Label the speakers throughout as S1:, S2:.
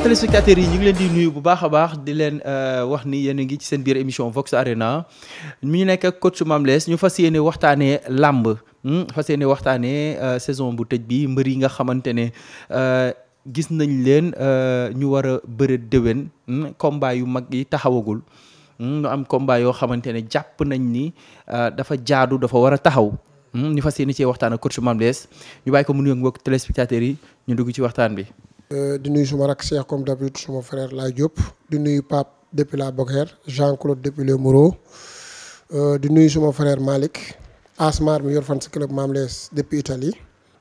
S1: mbokk yi ñu ngi leen di nuyu bu baax a baax di leen euh, wax ni yéen a ngi ci seen biir émission Vox Arena mi ñu nekk ak su mam Less ñu fas yéene waxtaanee làmb hmm, fas yéene waxtaanee euh, saison bu tëj bi mbër yi nga xamante ne euh, gis nañ leen ñu war a bëre déwén hmm, combat yu mag yi taxawagul hmm, ñu am combat yoo xamante ne jàpp nañ ni dafa jaadu dafa war a taxaw ñu fas yéene cee waxtaan ak coach Mame Less ñu bàyyi ko mu nuyoog mbokk yi ñu dugg ci waxtaan bi.
S2: Euh, di nuy suma rak Cheikh comme d'habitude suma frère laa Diop di nuyu Pape depuis la Boguère Jean-Claude depuis le Moreau euh, di nuyu suma frère Malick Asmar mi yor fan si club Mame Less depuis itali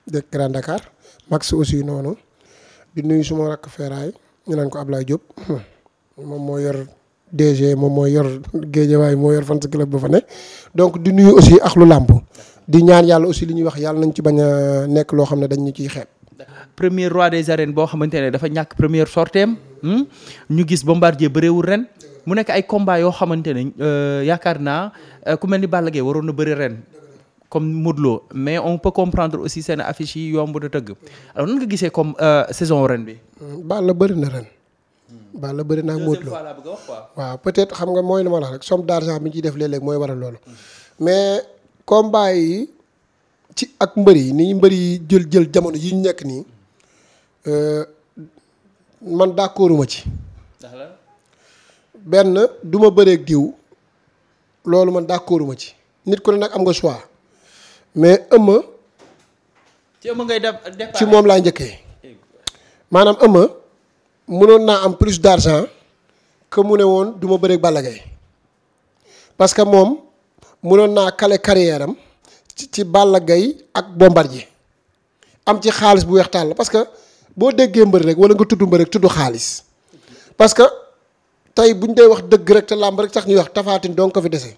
S2: de Grand Dakar Max aussi noonu di nuyu suma rak Feeraay ñu naan ko Ablaye Diop moom moo yor DG moom moo yor waay moo yor fan si club ba fa ne donc di nuyu aussi axlu làmb di ñaan yàlla aussi li ñuy wax yàlla nañ ci bañ a nekk loo xam ne dañ ñu ciy xeeb.
S1: premier roi des arènes boo xamante ne dafa ñàkk première sorteem hmm? ñu gis bombardier bëreewul ren mu nekk ay combat yoo xamante ne euh, yaakaar naa euh, ku mel ni Balla Gaye waroon na bëri ren comme Modou Lo mais on aussi seen affiche yi yomb na tëgg alors gisee comme euh, saison ren bi.
S2: Balla bëri na ren. Balla bëri na ak Modou Lo waaw peut-être nga mooy la wax rek somme ciy def léeg-léeg mooy waral loolu. mais combat yi ci ak mbër yi ni ñu mbër yi jël jël jamono yi ñu nekk nii. Euh, man d'accorduma ci benn duma ma bëreeg diw loolu man d'accorduma ci nit ku ne nag am nga choix mais ëmma
S1: ci ëmma ngay def ci moom laa
S2: njëkkee maanaam ëmma mënoon naa am plus d'argent que mu ne woon duma ma bëreeg Balla parce que moom mënoon naa kale carrière am ci Balla Gaye ak Bombardier am ci xaalis bu weex tàll parce boo déggee mbër rek wala nga tudd mbër rek tudd xaalis parce que tey buñ dee wax dëgg rek te làmb rek sax ñuy wax tafaatin donc ko fi dese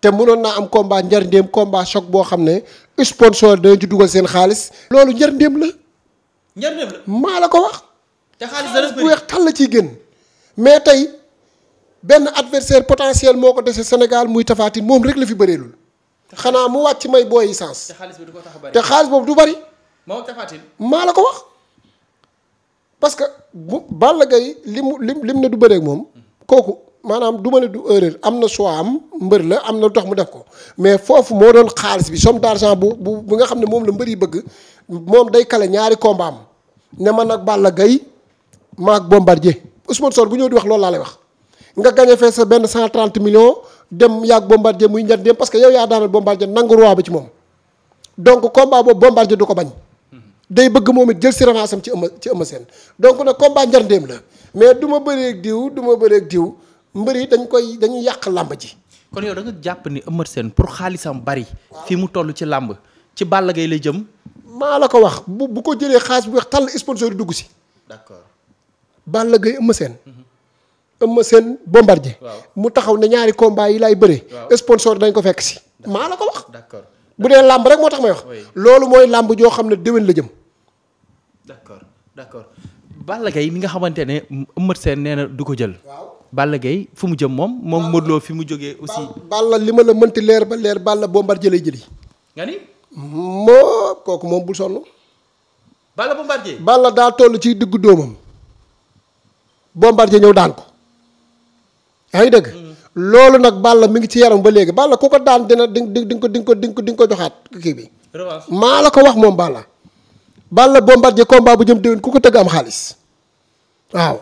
S2: te noon naa am combat njar ndéem combat choc boo xam ne sponsor dañ ci dugal seen xaalis loolu njar ndéem la njar ndéem la maa la ko wax te xaalis dana bu weex tàll la ciy génn mais tey benn adversaire potentiel moo ko dese Sénégal muy tafaatin moom rek la fi bëreelul xanaa mu wàcc may booy essence
S1: te xaalis boobu du bari
S2: maa la ko wax parce que bu Balla gay li mu lim lim ne du bëreeg moom kooku maanaam du ma ne du erreur am na choix am mbër la am na lu tax mu def ko mais foofu moo doon xaalis bi somme d'argent bu bu bu nga xam ne moom la mbër yi bëgg moom day kale ñaari combat am ne man ak Balla Gaye maak Bombardier Ousmane Sow bu ñëw di wax loolu laa lay wax nga gagné fee sa benn 130 millions dem yaag Bombardier muy njëriñ parce que yow yaa daanal Bombardier nangu roi bi ci moom donc combat boobu Bombardier du ko bañ. day bëgg moom it jël si revanche am ci ëmb ci seen donc nag combat njarndéem la mais du ma bëreeg diw du ma bëreeg diw mbër yi dañ koy dañuy yàq làmb ji.
S1: kon yow da jàpp ni Eumeu seen pour xaalisam bari. fii mu toll ci làmb
S2: ci bàll Gaye lay jëm. maa la ko wax bu bu ko jëlee xaalis bu wax tàll sponsor yi dugg si. d'accord Balla Gaye Eumeu Sène. Mhm. Eumeu Sène bombardier. mu taxaw ne ñaari combat yi laay bëree. sponsor dañ ko fekk si. maa la ko wax. d'accord bu dee làmb rek moo tax may wax. loolu mooy làmb joo xam ne déwén la jëm.
S1: d'accord d'accord Balla Gaye mi nga xamante ne Eumeu Sène nee na du ko jël. waaw Balla Gaye fu mu jëm moom. moom Modou
S2: Lo fi mu jógee aussi. Balla li ma la mënti leer ba leer Balla Bombardier lay jëli. nga ni. moo kooku moom bul sonn. Balla Bombardier. Balla daa toll ci diggu doomam. Bombardier ñëw daan ko. yaa ngi dëgg. Mm. loolu nag Balla mu ngi ci yaram ba léegi Balla ku ko daan dina di nga ko di nga ko di nga ko di nga ko joxaat kii bi. maa la ko wax moom Balla. Balla Bombardier combat bu jëm déwén ku ko tëgg am xaalis waaw.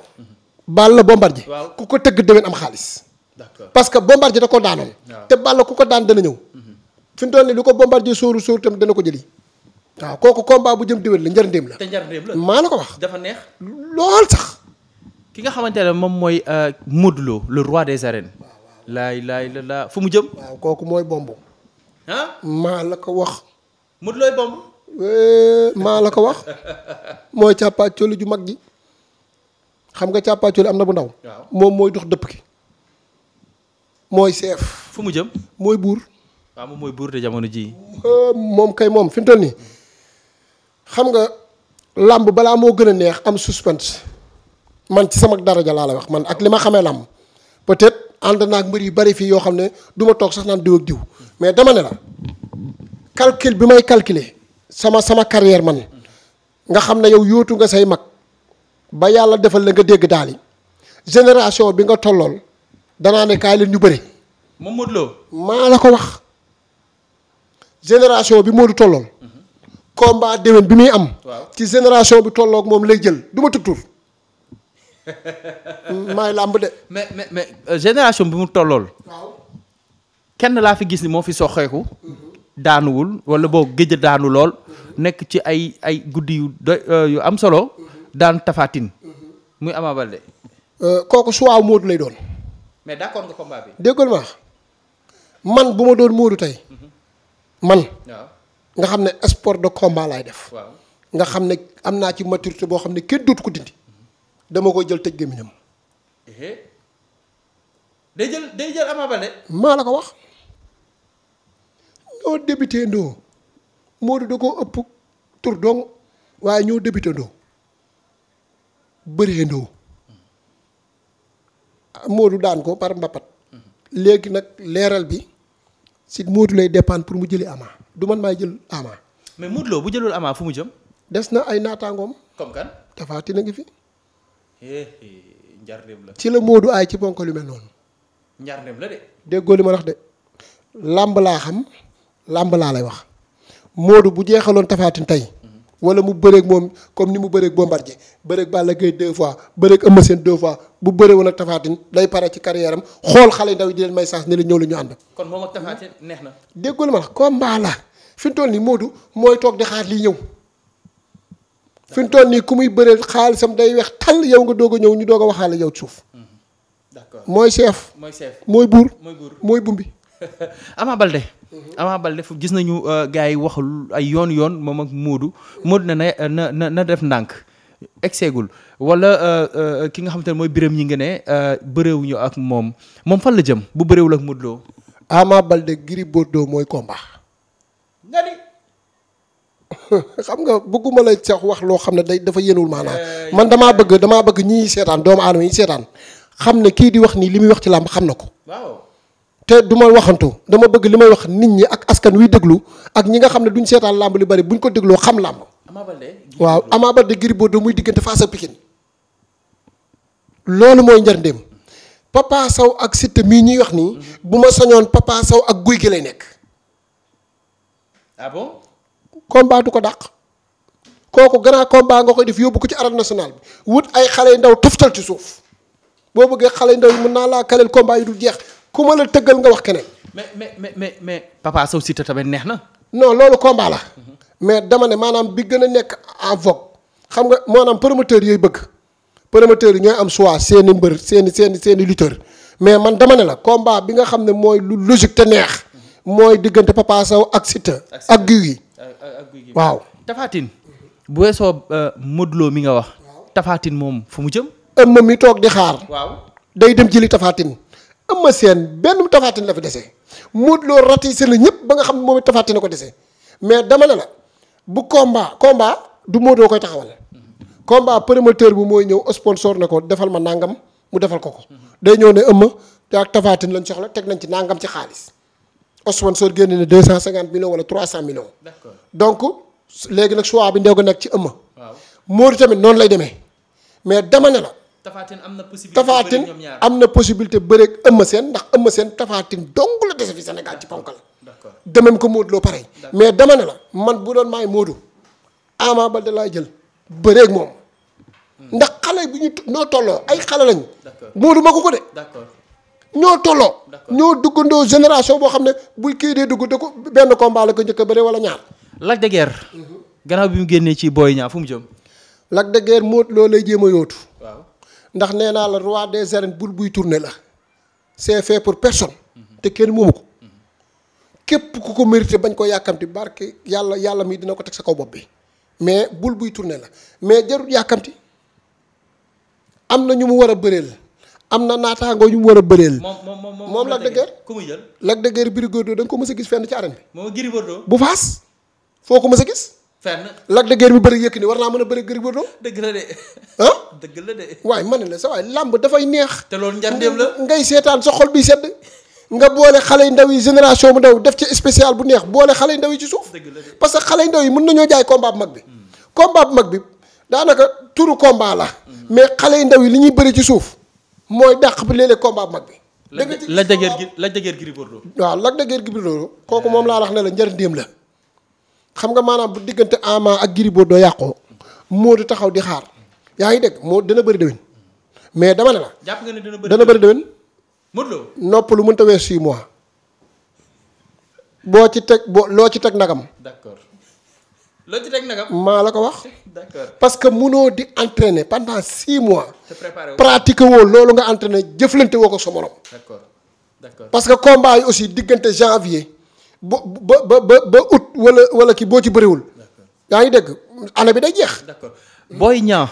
S2: Balla Bombardier. ku ko tëgg déwén am xaalis. parce que Bombardier da ko daanoon. te Balla ku ko daan dana ñëw. Mhm. fi mu toll nii lu ko Bombardier sóoru sóor itam dana ko jëli. waaw kooku combat bu jëm déwén la njërndéem la. te
S1: njërndéem la maa la ko wax. dafa neex lool sax. ki nga xamante ne moom mooy euh, Modou Lo le roi des arènes.
S2: laay laay la laa fu mu jëm. waaw kooku mooy bomb. maa la ko wax. Modou Lo bomb. Eh, maa la ko wax mooy càppaacoli ju mag ji xam nga càppaacoli am na bu ndaw moom mooy dox dëpp ki mooy seef fu mu jëm mooy buur
S1: waaw moom mooy buur de jamono ji
S2: eh, moom kay moom fi mu toll nii xam nga làmb balaa moo gën a neex am suspense man ci sama daraja laa la wax man ak li ma xamee làmb peut-être ànd ak mbër yu bari fii yoo xam ne du ma toog sax naan diw ak diw mais dama ne la calcul bi may calculer sama sama carrière man nga xam ne yow yootu nga say mag ba yàlla defal la nga dégg daal yi génération bi nga tollool danaa ne kaay leen ñu bëri. moom Modou Lo maa la ko wax génération bi Modou tollool. combat déwén bi muy am. ci génération bi tollook moom lay jël du ma tuttur maay làmb de.
S1: Euh, génération bi mu tollool. waaw kenn laa fi gis ni moo fi soxeeku. Mm-hmm. daanuwul wala boo géj daanu lool nekk ci ay ay guddi yu doy euh, yu am solo daan tafaatin muy Ama Baldé
S2: euh, kooku suwaaw Modou lay doon
S1: mais d'accord nga combat bi déggal
S2: ma man bu ma doon Modou tey mhm. man nga xam ne sport de combat laay def nga xam ne am naa ci maturité boo xam ne kenn dut ko dindi mhm. dama koy jël tëj gémmiñam eh. day jël day jël Ama Baldé maa la ko wax ñoo débuté ndoo Modou da ëpp tur dong waaye ñoo débuté ndoo bëree ndoo Modou daan ko par mbapat léegi nag leeral bi si Modou lay dépendre pour mu jëli Ama du man maay jël Ama.
S1: mais Modou Lo bu jëlul Ama fu mu jëm.
S2: des na ay naataangoom. comme kan Tapha Tine a ngi
S1: eh, eh, la. ci la Modou ay
S2: ci ponk lu mel noonu. njarneem la de. déggoo li ma wax de. làmb laa xam. làmb laa lay wax Modou bu jeexaloon tafaatin tey wala mu bëreek moom comme ni mu bëreeg boo bëreeg Balla Gaye deux fois bëreeg Eumeu Sène deux fois bu bëree woon ak tafaatin day pare ci carrière am xool xale ndaw yi di leen may saas ne la ñëw la ñu ànd.
S1: kon moom ak tafaatin neex na.
S2: déggoo ma la baa la fi toll nii moodu mooy toog di xaar lii ñëw fi mu toll nii ku muy bëreel xaalisam day weex tàll yow nga doog a ñëw ñu doog a waxaale yow suuf. d'accord mooy chef. mooy mooy buur mooy buur mooy bumbi. Ama
S1: Mm-hmm. Ama Baldé def gis nañu euh, gars yi waxul ay yoon yoon moom ak muudu Moodu na na na def ndànk egseegul wala euh, euh, ki nga xam te ne mooy Biram ñi nga ne bëréewuñu ak moom moom fan la jëm bu
S2: bëréewul ak Modou Lo Ama Baldé Gris Bordeaux mooy combat nga xam nga bëgguma la sax wax loo xam ne day dafa yéenul maanaam eh, man damaa eh. bëgg damaa bëgg ñiy seetaan doomu aadama yi seetaan xam ne kii di wax nii li muy wax ci làmb xam na ko te du ma waxantu dama bëgg li may wax nit ñi ak askan wiy déglu ak ñi nga xam ne duñ seetaan làmb li bari buñ ko dégloo xam làmb. waaw Ama Baldé Gris Bordeaux muy diggante Fass ak loolu mooy njëriñam Papa Sow ak Siteu mii ñuy wax nii mhm. bu ma sañoon Papa Sow ak Guy gi lay nekk. ah bon. ko dàq. kooku grand combat nga koy def yóbbu ko ci arène nationale bi wut ay xale yu ndaw toftal ci suuf boo bëggee xale yu ndaw yi mën naa laa kaleel combat yu dul jeex. ku ma la tëggal nga wax keneen.
S1: mais mais mais mais mais Papa Sow Siteu tamit neex na.
S2: non loolu combat la. mais dama ne maanaam bi gën a nekk en vogue. xam nga maanaam promoteur yooyu bëgg. promoteur yi ñooy am choix seeni mbër seeni seeni seeni lutteur mais man dama ne la combat bi nga xam ne mooy lu logique te neex. mooy diggante Papa Sow ak Siteu. ak Guy gi waaw. Tapha Tine bu weesoo euh, Modou Lo mi nga wax. Tapha Tine moom fu mu jëm. ëmm mi toog di xaar. waaw day dem jëli Tapha Tine Eumeu seen benn Tapha Tine la fi dese Modou Lo ratissé la ñëpp ba nga xam ne moom it Tapha Tine ko dese mais dama ne la bu combat combat du Modou koy taxawal. combat promoteur bi mooy ñëw sponsor na ko defal ma nangam mu defal ko ko. day ñëw ne Eumeu ak Tapha Tine lañ soxla teg nañ ci nàngam ci xaalis. sponsor génne na 250 millions wala 300 millions. d'accord donc léegi nag choix bi ndew ko nekk ci Eumeu. waaw Modou tamit noonu lay demee mais dama ne la.
S1: Tafaatine am na
S2: possibilité Tafaatine am na possibilité bëreeg Eumeu Sène ndax Eumeu Sène Tafaatine dong la dese fi Sénégal ci ponkal. d'accord de ko que Modou Lo pareil. mais dama ne la man bu doon maay Modou Ama de laay jël bëreeg moom. Hmm. ndax xale bu ñu noo tolloo ay xale lañ. d'accord ma ko ko de. ñoo tolloo. ñoo duggandoo génération boo xam ne buy kii dee dugg da ko benn combat la ko njëkk a bëre wala ñaar.
S1: Lac de Guiers. Mhm. gannaaw bi mu génnee ci Boy ñaar fu mu jëm.
S2: Lac de Guiers Modou Lo lay jéem a yóotu. ndax nee naa la roi des arènes bul buy tourné la c'est fait pour personne te kenn moomu ko képp ku ko mérité bañ ko yàkkamti barke yàlla yàlla mii dina ko teg sa kaw bopp bi mais bul buy tourné la mais jarul yàkkamti am na ñu mu war a bëreel am na naataangoo ñu mu war a bëreel. moom moom moom Lac de Guiers ku muy jël. Lac de Guiers ko mës a gis fenn ci arène bi. moom Gris bu faas foo ko mës a gis. fenn Lac de Guiers mi bëri Yékini war naa mën a bëri Gris Bordeaux.
S1: dëgg la de. dëgg
S2: la de. waaye ma la sa waay làmb dafay neex. te loolu njàndeem la ngay seetaan sa xol bi sedd. nga boole xale yu ndaw yi génération bu ndaw def ci spécial bu neex boole xale yu ndaw yi ci suuf. parce que xale yu ndaw yi mën nañoo jaay combat bu mag bi. Hmm. combat bu mag bi daanaka turu combat la. Hmm. mais xale yu ndaw yi li ñuy bëri ci suuf mooy dàq bi léeg-léeg combat bu mag bi.
S1: dëgg la Lac de Guiers Gris Bordeaux.
S2: waaw Lac de Guiers Gris kooku moom laa wax ne la njëriñ la xam nga maanaam bu diggante Ama ak Gris Bordeaux yàqoo moo di taxaw di xaar yaa ngi dégg moo dana bëri déwén mais dama ne la.
S1: jàpp nga ne dana bëri dana bëri
S2: déwén. Modou Lo nopp lu mënta wees 6 mois boo ci teg boo loo ci teg nagam.
S1: d'accord loo ci teg nagam.
S2: maa la ko wax. d'accord parce que munoo di entraîner pendant 6 mois. te préparé pratiqué woo loolu nga entraîner jëflante woo ko sa morom. d'accord d'accord parce que combat yi aussi diggante janvier. ba ba ba ba août wala wala ki boo ci bëriwul. yaa ngi dégg année bi day jeex. d'accord Boy Niang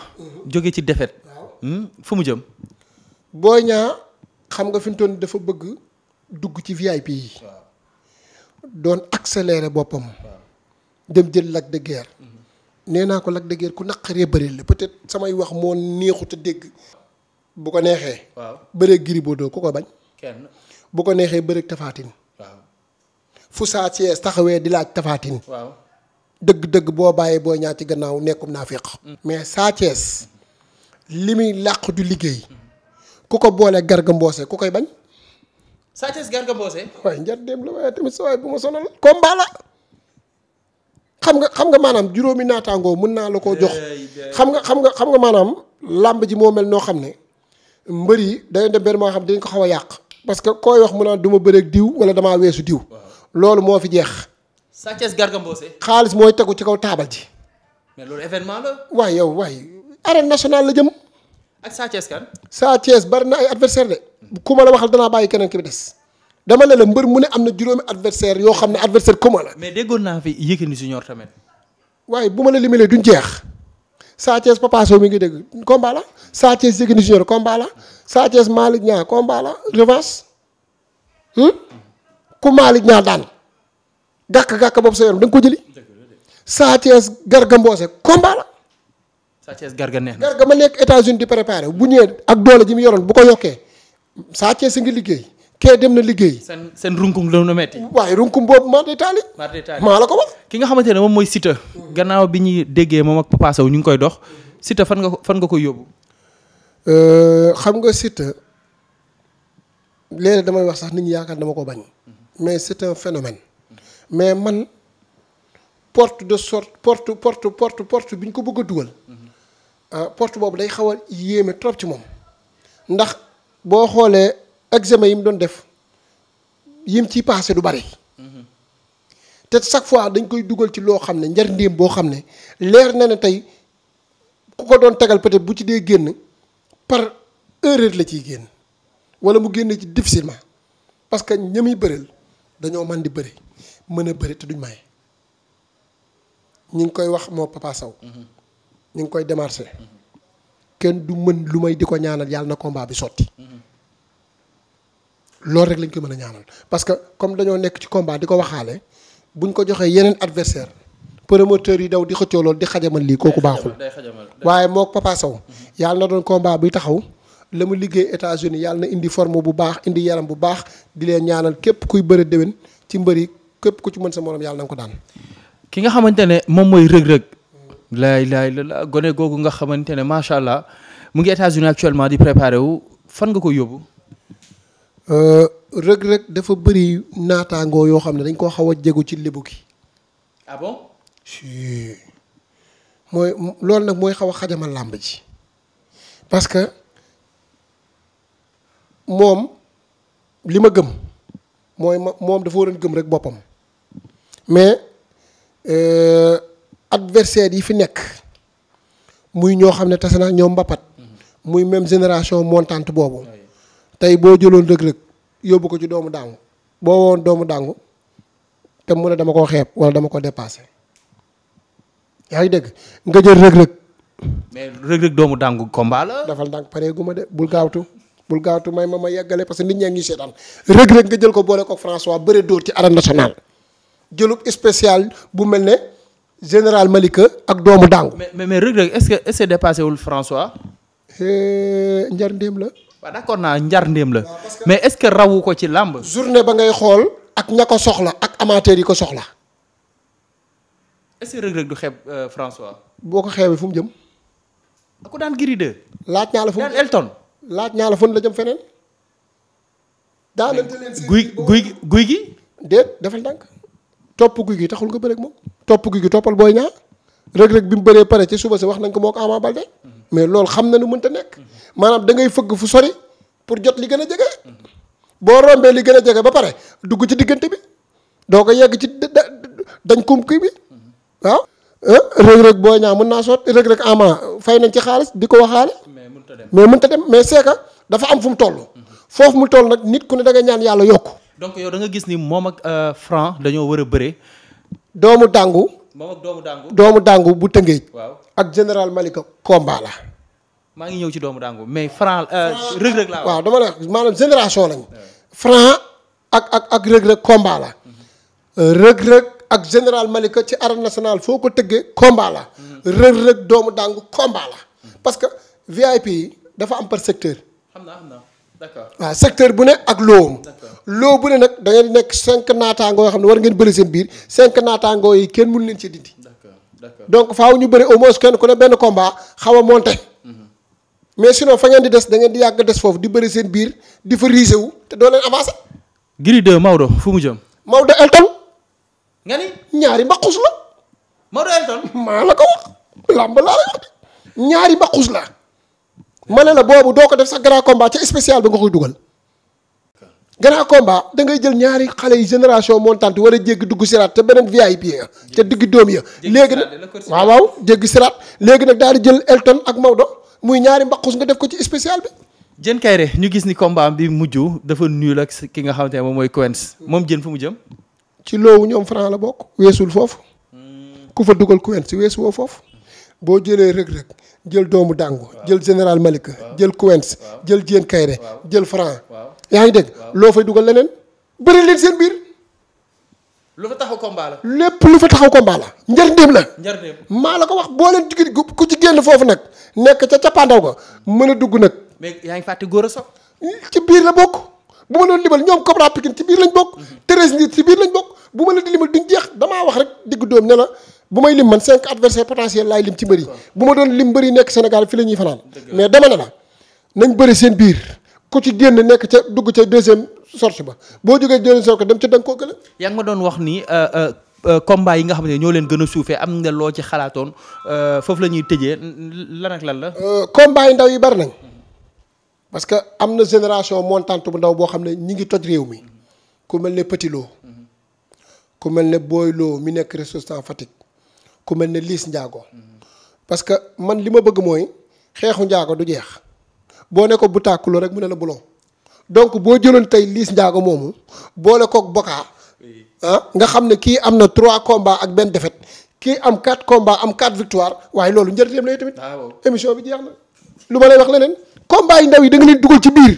S2: jóge ci défaite. Hmm? fu mu jëm. booy Niang xam nga fi mu toll dafa bëgg dugg ci VIP yi. doon accélérer boppam. dem jël Lac de mm-hmm. nee naa ko Lac de ku naqaree bëreel la peut-être samay wax moo neexut a dégg. ko neexee. waaw bëreeg Gris Bordeaux ku ko bañ. kenn bu ko neexee bëreeg Tapha fu Sa Thiès taxawee di laaj tafaatin waaw dëgg-dëgg boo bàyyee boo ñaar ci gannaaw nekkum naa féq mm. mais Sa li muy làq du liggéey ku ko boole Garga Mbossé ku koy bañ. Sa Thiès waaye njar dem la waaye tamit sa bu ma sonal. combat la xam nga xam nga maanaam juróomi naataangoo mën naa la koo jox. xam nga xam nga xam nga maanaam. làmb ji moo mel noo xam ne mbër yi day dem benn moo xam dañ ko xaw a yàq. parce que kooy wax mu naan du ma bëreeg diw wala damaa weesu diw. loolu moo fi jeex.
S1: Sa Thiès Garga Mbossé.
S2: xaalis mooy tegu ci kaw taabal ji.
S1: mais loolu événement la.
S2: waay yow waay arène nationale la jëm. ak Sa Thiès kan. bari na ay adversaire de. ku ma la waxal danaa bàyyi keneen ki bi des. dama ne mbër mu ne am na juróomi adversaire yoo xam ne adversaire commun la.
S1: mais déggoon naa fi Yékini Junior tamit.
S2: waaye bu ma la limalee duñ jeex. Sa Thiès Papa Sow mi ngi dégg combat la. Sa Thiès Yékini Junior combat la. Sa Thiès Malick revanche. Hmm? ku Malick ñaa daan gàkk-gàkk boobu sa yoon da nga ko jëli Sa Thiès Garga Mbossé combat la
S1: Sa Thiès Garga neex
S2: na Garga ma nekk États-Unis di préparé bu ñëwee ak doole ji mu yoroon bu ko yokkee Sa Thiès a ngi liggéey kee dem na liggéey. seen seen runkum la nu metti. waaye runkum boobu maa de taali. maa la ko wax. ki nga xamante ne moom
S1: mooy Siteu. gannaaw bi ñuy déggee moom ak Papa ñu ngi koy dox. Siteu fan nga fan nga koy yóbbu.
S2: Euh, xam nga Siteu léeg-léeg damay wax sax nit ñi yaakaar dama ko bañ. mais c'est un phénomène mais man porte de sorte porte porte porte porte bi ñu ko bëgg a dugal ah porte boobu day xaw a yéeme trop ci moom ndax boo xoolee examen yi mu doon def yi mu ciy passé du bari te chaque fois dañ koy dugal ci loo xam ne njar ndéem boo xam ne leer na ne tey ku ko doon tegal peut-être bu ci dee génn par erreur la ciy génn wala mu génne ci difficilement parce que ña muy bëreel dañoo man di bëri mën a bëri te duñ maye ñi ngi koy wax moo Papa Sow ñi ngi koy démarché kenn du mën lu may di ko ñaanal yàlla na combat bi sotti loolu rek lañ ko mën a ñaanal parce comme dañoo nekk ci combat di ko waxaale buñ ko joxee yeneen adversaire promoteur yi daw di xëccoo lool di xajamal lii kooku baaxul waaye moo Papa mm-hmm. yàlla na doon combat bi taxaw la mu liggéey États-Unis yàlla na indi forme bu baax indi yaram bu baax di leen ñaanal képp kuy bëre déwén ci mbër yi képp ku ci mën sa moroom yàlla na ko daan. ki nga xamante
S1: ne moom mooy rëg-rëg. laay laay gone googu nga xamante ne macha allah mu ngi actuellement di préparé wu fan nga ko yóbbu.
S2: Euh, rëg dafa bëri naataangoo yoo xam ne dañ koo xaw a jégu ci lébu gi. Ah mooy loolu nag mooy xaw a xajamal làmb ji parce moom li ma gëm mooy ma moom dafa waroon gëm rek boppam mais euh, adversaire yi fi nekk muy ñoo xam ne tase na ñoom mbapat muy même génération montant boobu tey boo jëloon rëg-rëg yóbbu ko ci doomu dàngu boo woon doomu dàngu te mu ne dama ko xeeb walla dama ko dépassé yaa ngi dégg nga jël rëg-rëg mais doomu dàngu ko la defal ndànk pare gu ma de bul gaawtu bul gaawtu may ma ma yeggale parce que nit ñaa ngi seetaan Reug Reug nga jël ko boole ko François bëre dóor ci arène nationale jëlub spécial bu mel ne général Malika ak doomu dàngu.
S1: mais mais Reug Reug est-ce que est-ce que dépassé wul François.
S2: Eh, la. waaw d'accord naa la. mais est-ce que rawu ko ci làmb. journée ba ngay xool ak ña soxla ak amateur yi ko soxla.
S1: est-ce euh,
S2: boo ko xeebee fu mu jëm. ku daan Gris 2. laaj naa la fu mu laaj ñaa la fan la jëm feneen. daanante leen guy guy guy gi. déet defal ndànk topp guy gi taxul nga bëreeg moom. topp guy gi toppal booy ñaar rëg-rëg bi mu bëree pare ci suba si wax nañ ko moo ko Ama mais loolu xam na nu mënta nekk. maanaam da ngay fëgg fu sori pour jot li gën a jege. boo rombee li gën a jege ba pare dugg ci diggante bi doo ko yegg ci dañ kum kii bi waaw. Ah? rëg-rëg booy ñaar mën naa sotti rëg-rëg Ama fay nañ ci xaalis di ko waxaale. mais mënta dem mais c'est dafa am fu mu toll. foofu mu toll nag nit ku ne dangay ñaan yàlla yokk donc yow da gis ni moom ak
S1: euh, Franc dañoo war a bëre.
S2: doomu dàngu. moom ak doomu dàngu. bu tëngéej. waaw ak général Malika combat
S1: ngi ñëw ci doomu dàngu mais euh, Franc. Reug Reug laa waaw
S2: dama la maanaam génération lañu. Franc ak ak ak Reug Reug combat la. Euh, Reug ak général Malika ci arène nationale foo ko tëggee combat la. Mm-hmm. Reug doomu dàngu combat la mm-hmm. VIP yi dafa am par secteur. xam naa xam
S1: naa d'accord.
S2: waaw secteur bu ne ak loo. loo bu ne nag da ngeen nekk cinq naataangoo yoo xam ne war ngeen bëri seen biir cinq naataangoo yi kenn mënu leen ci dindi. donc faaw ñu bëri au moins kenn ku ne benn combat xaw a monté. Mhm. mais sinon fa ngeen di des da ngeen di yàgg des foofu di bëri seen biir di fa risé wu te doo leen avancé.
S1: Gris 2 Maodo fu mu jëm.
S2: Maodo Elton. nga ñaari mbaqus la. Maodo Elton. maa la ko wax làmb laa la ñaari mbaqus la. ma ne la boobu doo ko def sax grand combat ca spécial bi nga koy dugal. grand combat dangay jël ñaari xale yi génération montante war a jéggi dugg siraat te beneen VIP ya te digg doom ya. léegi nag waaw waaw jéggi siraat léegi nag daal di jël Elton ak Maodo muy ñaari mbaqus nga def ko ci spécial bi.
S1: Diène Kairé ñu gis ni combat bi mujj dafa nul ak ki nga xam ne moom mooy Quench moom Diène fu mu jëm.
S2: ci loowu ñoom Franc la bokk weesul foofu hmm. ku fa dugal Quench weesu woo foofu boo jëlee rëg jël doomu dàngu jël général Malika jël Kouens jël Diène Kayré jël Franc yaa ngi dégg loo fay dugal leneen bëri leen seen biir.
S1: lu fa
S2: lépp lu fa taxaw combat la njëriñam la. njëriñam maa la ko wax boo leen jigéen ku ci génn foofu nag nekk ca cappaandaw ga mën a dugg nag. ci biir la bokk bu ma doon limal ñoom Cobra Pikine ci biir lañ bokk. Thérèse Ndiir ci biir lañ bokk bu ma la di limal duñ jeex damaa wax rek diggu doom ne la. bu may lim man cinq adversaires potentiels laay lim ci mbëri bu ma doon lim mbëri nekk Sénégal fi la ñuy fanaan mais dama ne la nañ bëri seen biir ku ci génn nekk ca dugg ca deuxième sortie ba boo jógee deuxième sortie dem ca da koo gën
S1: yaa ngi ma doon wax ni euh, euh, euh, combat yi nga xam ne ñoo leen gën a suufee
S2: am nga loo ci xalaatoon foofu la ñuy tëjee lan lan la combat yi ndaw yi bari nañ parce que am na génération montante bu ndaw boo xam ne ñu ngi toj réew mi mm-hmm. ku mel ne Petit mm-hmm. mel ne Boy Lo mi nekk résistant Fatick ku mel ne liis Ndiago parce que man li ma bëgg mooy xeexu njaago du jeex boo ne ko bu tàkkuloo rek mu ne la bulon donc boo jëloon tey liis Ndiago moomu boole kook Boka ah nga xam ne kii am na trois combats ak benn defet kii am quatre combats am quatre victoire waaye loolu njëriñam la tamit. Ah, émission bi jeex na. lu ma lay wax leneen combats yi ndaw yi danga nga leen dugal ci biir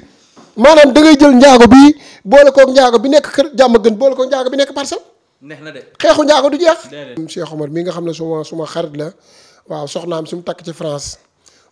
S2: maanaam da ngay jël Ndiago bi boole koog Ndiago bi nekk kër jàmm gën boole koog Ndiago bi nekk parcelle. neex na de xeexu njaago du jeex. Cheikh Omar mi nga xam ne suma suma xarit la waaw soxna su mu takk ci France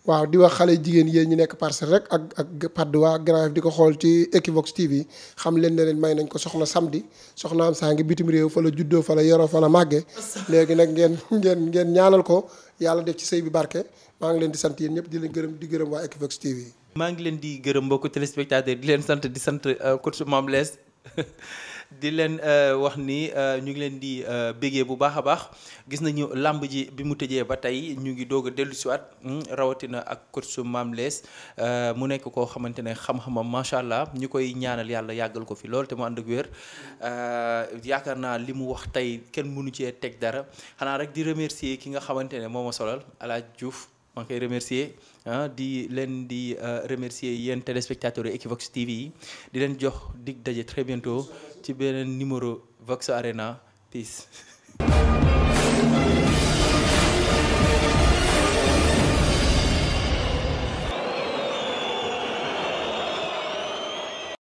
S2: waaw di wax xale jigéen yéen ñu nekk parcelle rek ak ak Patte waa Grand di ko xool ci Equivox TV xam leen ne leen may nañ ko soxna samedi soxnaam saa ngi bitim réew fa la juddoo fa la yoroo fa la màggee léegi nag ngeen ngeen ngeen ñaanal ko yàlla def ci sëy bi barke maa ngi leen di sant yéen ñëpp di leen gërëm di gërëm waa Equivox TV.
S1: maa ngi leen di gërëm mbokku téléspectateur di leen sant di sant euh, coach Mame Less di leen euh, wax ni euh, ñu ngi leen di euh, bégee bu baax a baax gis nañu làmb ji bi mu tëjee ba tey ñu ngi doog a dellu siwaat hmm, rawatina ak coach Mame Less mu nekk koo xamante ne xam-xamam macha allah ñu koy ñaanal yàlla yàggal ko fi lool te mu ànd ak wér yaakaar naa li mu wax tey kenn mënu cee teg dara xanaa rek di remercier ki nga xamante ne moo ma solal El Hadj moo maa ngi koy remercier ah di leen di remercier yéen téléspectateurs yi Equivox TV yi di leen jox dig daje ci beneen numéro Vox Arena peace.